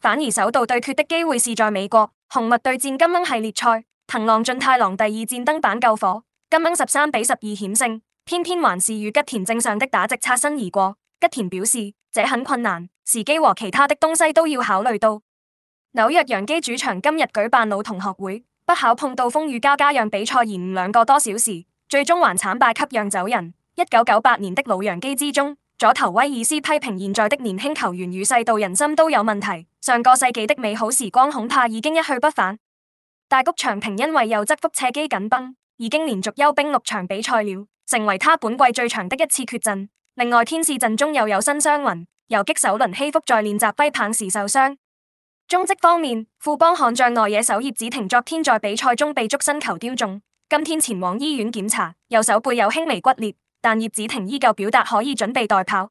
反而首度對決的機會是在美國，紅襪對戰金鶯系列賽，藤浪晉太郎第二戰登板救火，金鶯十三比十二險勝，偏偏還是與吉田正尚的打直擦身而過。吉田表示這很困難，時機和其他的東西都要考慮到。紐約洋基主場今日舉辦老同學會，不巧碰到風雨交加加讓比賽延誤兩個多小時，最終還慘敗給釀酒人。一九九八年的老洋基之中，左投威爾斯批評現在的年輕球員與世道人心都有問題。上個世紀的美好時光恐怕已經一去不返。大谷翔平因為右側腹斜肌緊繃，已經連續休兵六場比賽了，成為他本季最長的一次缺陣。另外，天使陣中又有新傷云游擊手輪希福在練習揮棒時受傷。中職方面，富邦悍將內野手葉子亭昨天在比賽中被觸身球丟中，今天前往醫院檢查，右手背有輕微骨裂，但葉子亭依舊表達可以準備代跑。